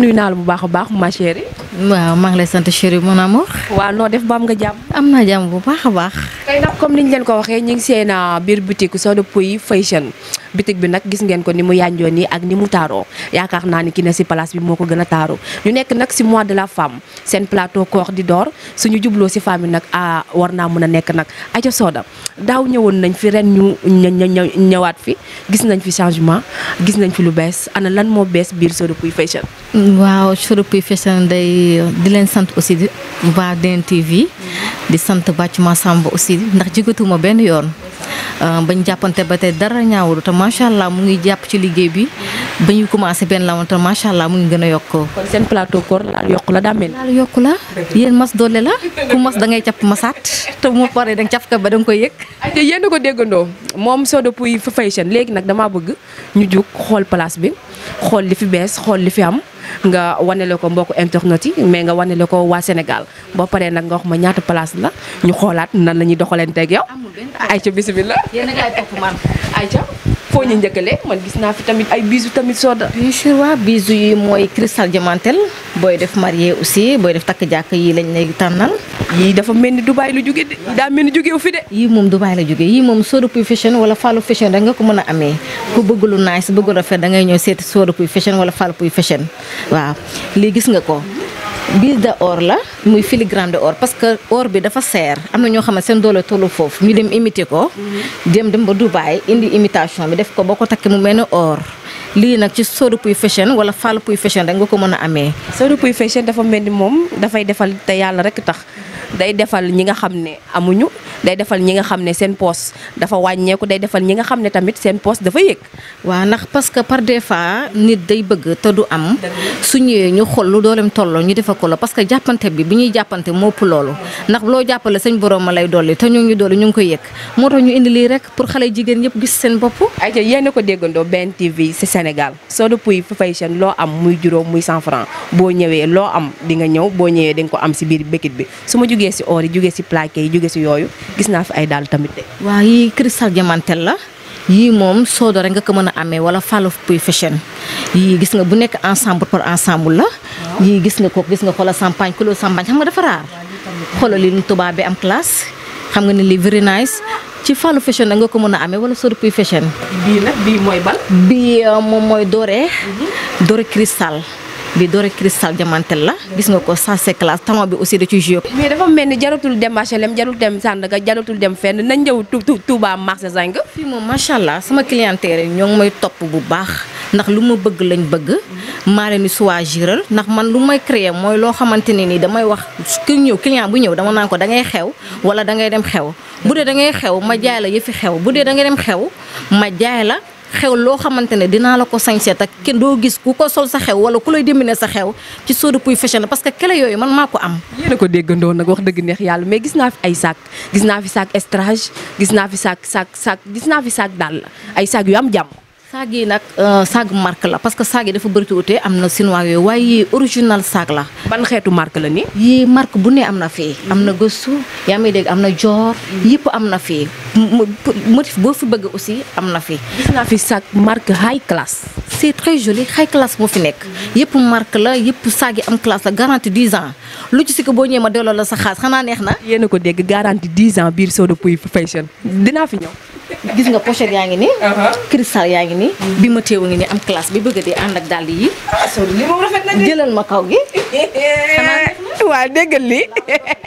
nuyu naa la bu baax a baax ma chérie. waaw maa ngi lay sant chérie mon amour. waaw noo def ba nga jàmm. am naa jàmm bu baax a baax. tey nag comme ni leen ko waxee ñu ngi seen ah, biir boutique Soda Pouye Fashion bitig bi nag gis ngeen ko ni mu yànjoo nii ak ni mu taaroo yaakaar naa ni ki ne si place bi moo ko gën a taaru ñu nekk nag si mois de la femme seen plateau koor di door suñu jubloo si femme yi nag a ah, war naa mën a nekk nag aja sooda daaw ñëwoon nañ fi ren ñu ñëwaat fi gis nañ fi changement gis nañ fi lu bees ana lan moo bees biir Sooda Pouye Fashion waaw Sooda Pouye Fashion day di leen sant aussi waa DN TV di sant Bathiouma Samba aussi ndax jigatuma benn yoon bañ jàppante ba tey dara ñaawul te macha allah mu ngi jàpp ci liggéey bi ba ñuy commencé benn lawantal macha allah mu ngi gën a yokk. seen plateau koor laal yokk la daa mel. laal yokku la yéen mas doole la ku mas da ngay capp masaat te bu ma paree da ka ba da nga koy yëg. te yéen a ko déggandoo moom de fa Pouye seen léegi nag dama bëgg ñu jug xool place bi xool li fi bees xool li fi am nga wanele ko mbokku internet yi mais nga wanele ko waa Sénégal boo paree nag nga wax ma ñaata place la ñu xoolaat nan la ñuy doxalanteeg yow. amul benn ayca bisimilah. foo ñu njëkkale man gis naa fi tamit ay bijoux tamit soda. bien sûr waaw bijoux yi mooy booy def marié aussi booy def takk jàkk yi lañ lay tànnal. yii dafa mel ni Dubaay la jóge de daa mel ni jógewu fi de. yii moom du Dubaay la jóge yii moom Soda Pouye Fashion wala Fallou Fashion da nga ko mën a amee bëgg lu nice bëgg da ngay ñëw seeti soo Pouye Fashion wala Fallou Pouye Fashion waaw lii gis nga ko. bise de or la muy filigrane de or parce que or bi dafa seer am na ñoo xam ne seen doole tollu foofu ñu dem imité ko mhm. dem dem ba Dubaï indi imitation bi def ko boo ko takkee mu mel ne or lii nag ci soo Pouye Fashion wala Fall Pouye Fashion rek nga ko mën a amee Sori Pouye Fashion dafa mel ni moom dafay defal te yàlla rek tax day defal ñi nga xam ne amuñu day defal ñi nga xam ne seen poos dafa wàññeeku day defal ñi nga xam ne tamit seen poos dafa yëg. waa ndax parce que par des fois nit day bëgg te du am. su ñëwee ñu xool lu doolem tolloo ñu defe ko la parce que jàppante bi bi ñuy jàppante moo ëpp loolu. ndax loo jàppale sañ borom ma lay dolli te ñu ngi dolli ñu ngi koy yëg moo tax ñu indi lii rek pour xale jigéen ñëpp gis seen bopp. ayca yéen ko déggandoo benn TV si Sénégal soo de puy Fafaysen loo am muy juróom muy 100 francs boo ñëwee loo am di nga ñëw boo ñëwee di nga ko am ci biir bëkkit bi su ma jugee ci or yi jugee ci plaqué yi jugee ci yooyu gis naa fi ay daal tamit de. waaw yii cristal diamantel la yii moom soodo rek nga ko mën a amee wala Fallou Pouy fashion yii gis nga bu nekk ensemble par ensemble la. yii gis nga ko gis nga xoolal champagne couleur champagne xam nga dafa raar. xoolal li tubaab bi am classe xam nga ni lii very nice ci Fallou fashion nga ko mën a amee wala Soro Pouy fashion. bii bii mooy bal. bii euh, moom mooy doré. Mhm. doré cristal. bi doore cristal diamantel la gis nga ko sa c'est classe tamo bi aussi da ci jouer mais dafa melni jaratul dem HLM jaratul dem ga jaratul dem fenn nañ ñew Touba marché zang fi mo machallah sama clientèle ñong may top bu baax ndax luma bëgg lañ bëgg ma leen soagiral ndax man lu créer moy lo xamanteni ni damay wax ki ñew client bu ñew dama nan ko da ngay xew wala da ngay dem xew bu dé da ngay xew ma jaay la yefi xew bu da ngay dem xew ma jaay la xew loo xamante ne dinaa la ko sañse tak kenn doo gis ku ko sol sa xew wala ku lay demine sa xew ci soo Sooda Pouye Fashion parce que kele yooyu man maa ko am. yéen a ko déggandoo nag wax dëgg neex yàlla mais gis naa fi ay sac gis naa fi saak estrage gis naa fi saak saak sac gis naa fi saak daal ay sac yu am jàmm. saag yi nag euh, saag marque la parce que saag yi dafa bëri tuuti am na chinois waaye original saag la. ban xeetu marque la nii. yii marque bu nee am na fii. am na gëstu yaa ngi dégg am na joor. yëpp am na fii motif boo fi bëgg aussi am na fi gis naa fi saag marque high class. c'est très joli high class moo fi nekk. yëpp marque la yëpp saag yi am classe la garantie 10 ans lu ci boo ñëwee ma delloo la sa xaas xanaa neex na. yéen ko dégg garantie 10 ans biir Soda Pouye dinaa fi ñëw. gis nga pochette yaa ngi nii. Uh-huh. cristal yaa ngi nii. Mm-hmm. bi ma teew ngi nii am classe bi bëgg dee ànd ak dàll yi. Ah, jëlal ma kaw gi. waaw déggal lii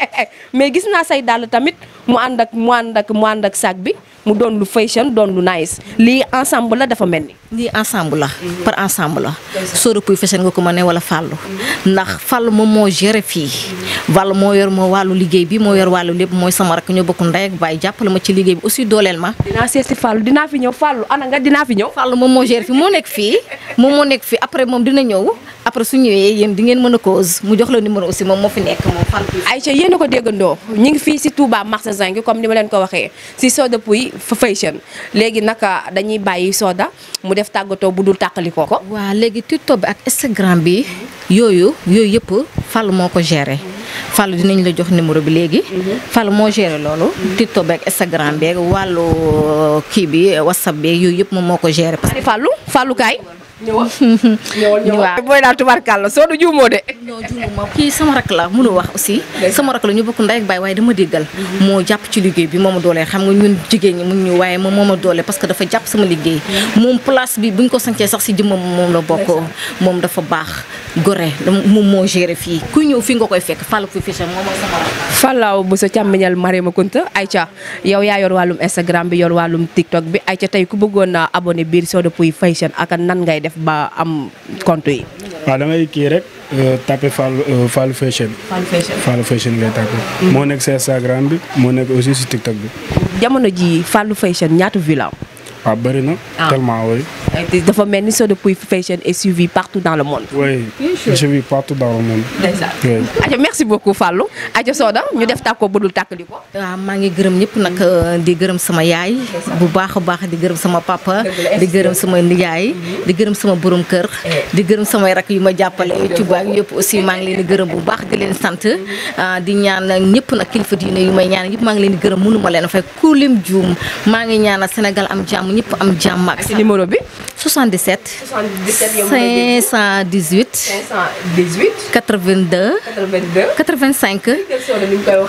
mais gis naa say dàll tamit mu ànd ak mu ànd ak mu ak sac bi. mu don lu fashion don lu nice Li ensemble la dafa melni li ensemble la. par ensemble la. sóoru pou fashion ko ko mané wala fallu ndax fallu mo mo géré fi wal mo yor mo walu liggéey bi mo yor walu lepp moy sama rak ñu bokku ndey ak baay jàppale ma ci liggéey bi aussi dolel ma. dina seet fallu dina fi ñew fallu ana nga dina fi ñew fallu mo mo géré fi mo nek fi mo mo nek fi après mom dina ñew après su ñewé yeen di ngeen mëna cause mu jox la numéro aussi mom mo fi nek mo fallu Aïcha yéen a ko déggando ñu ngi fii si Touba marché zangi comme ni ma len ko ci si Soda Pouye fashion léegi naka dañuy bàyyi Soda mu def tàggatoo bu dul tàqalikoo ko. waa léegi TikTok bi ak Instagram bi yooyu yooyu yëpp Fall moo ko géré. Fall dinañ la jox numéro bi léegi. Fall moo géré loolu. TikTok bi ak Instagram bi wàllu kii bi WhatsApp bi yooyu yëpp moom moo ko géré. parce que Fallu Fallu ñëwal ñëwal ñëwal booy daal tubarkàlla soo du juumoo de. non juumuma kii sama rak la mënu wax aussi. sama rak la ñu bokk ndey ak baay waaye dama déggal. Mhm. moo jàpp ci liggéey bi moo ma doole xam nga ñun jigéen ñi mun ñu waaye moom moo ma doole parce que dafa jàpp sama liggéey. Mhm. moom place bi buñ ko sancee sax si jëmmam moom la bokk. moom dafa baax. Gorée moom moo géré fii ku ñëw fii nga koy fekk Fallou fi fi moom mooy sama Fallou bu sa càmmiñal yow yaa yor wàllum Instagram bi yor wàllum TikTok bi Aïcha tey ku bëggoon a abonné biir Soda Pouye Fashion ak nan ngay def ba am compte yi. waaw da ngay moo nekk si Instagram bi moo nekk aussi si TikTok bi. jamono ji Fallou Fashion ñaata villa. waaw bëri na. Ah. tellement dafa mel ni Soda Pouye Fashion et suivi partout dans le monde. oui est suivi partout dans le monde. ndeysaan Oui. merci beaucoup Fallou aja Soda ñu def tàkko bu dul tàkkali ko. waaw ah, maa ngi gërëm ñëpp nag euh, di gërëm sama yaay. bu baax a baax di gërëm sama papa. di gërëm sama nijaay. di gërëm sama borom kër. Eh. di gërëm samay rak yu ma jàppale ci baag yëpp aussi maa ngi leen di gërëm bu baax di leen sant ah, di ñaan ñëpp nag kilifa diine yu may ñaan yëpp maa ngi leen di gërëm mënu ma leen fay de lim juum maa ngi ñaanal Sénégal am jàmm ñëpp am jàmm ak numéro bi 77. 77 518. 518. 82. 82 85.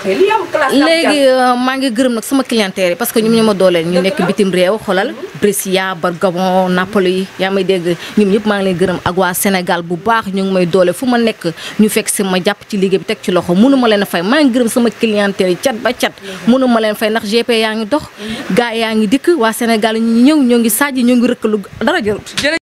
léegi euh, maa ngi gërëm nag sama clientèle yi parce que ñoom ñu ma dooleel ñu nekk bitim réew xoolal mhm. Brescia ba Gabon Napoli yaa may dégg ñoom ñëpp maa ngi leen gërëm ak waa Sénégal bu baax ñu ngi may doole fu ma nekk ñu fekk si ma jàpp ci liggéey bi teg ci loxo mënuma ma leen fay maa ngi gërëm sama clientèle yi cat ba cat mënu mhm. leen fay ndax GP yaa ngi dox mhm. gars yaa ngi dikk waa Sénégal ñu ñëw ñoo ngi sàjj ñoo ngi rëkkalu dara jërut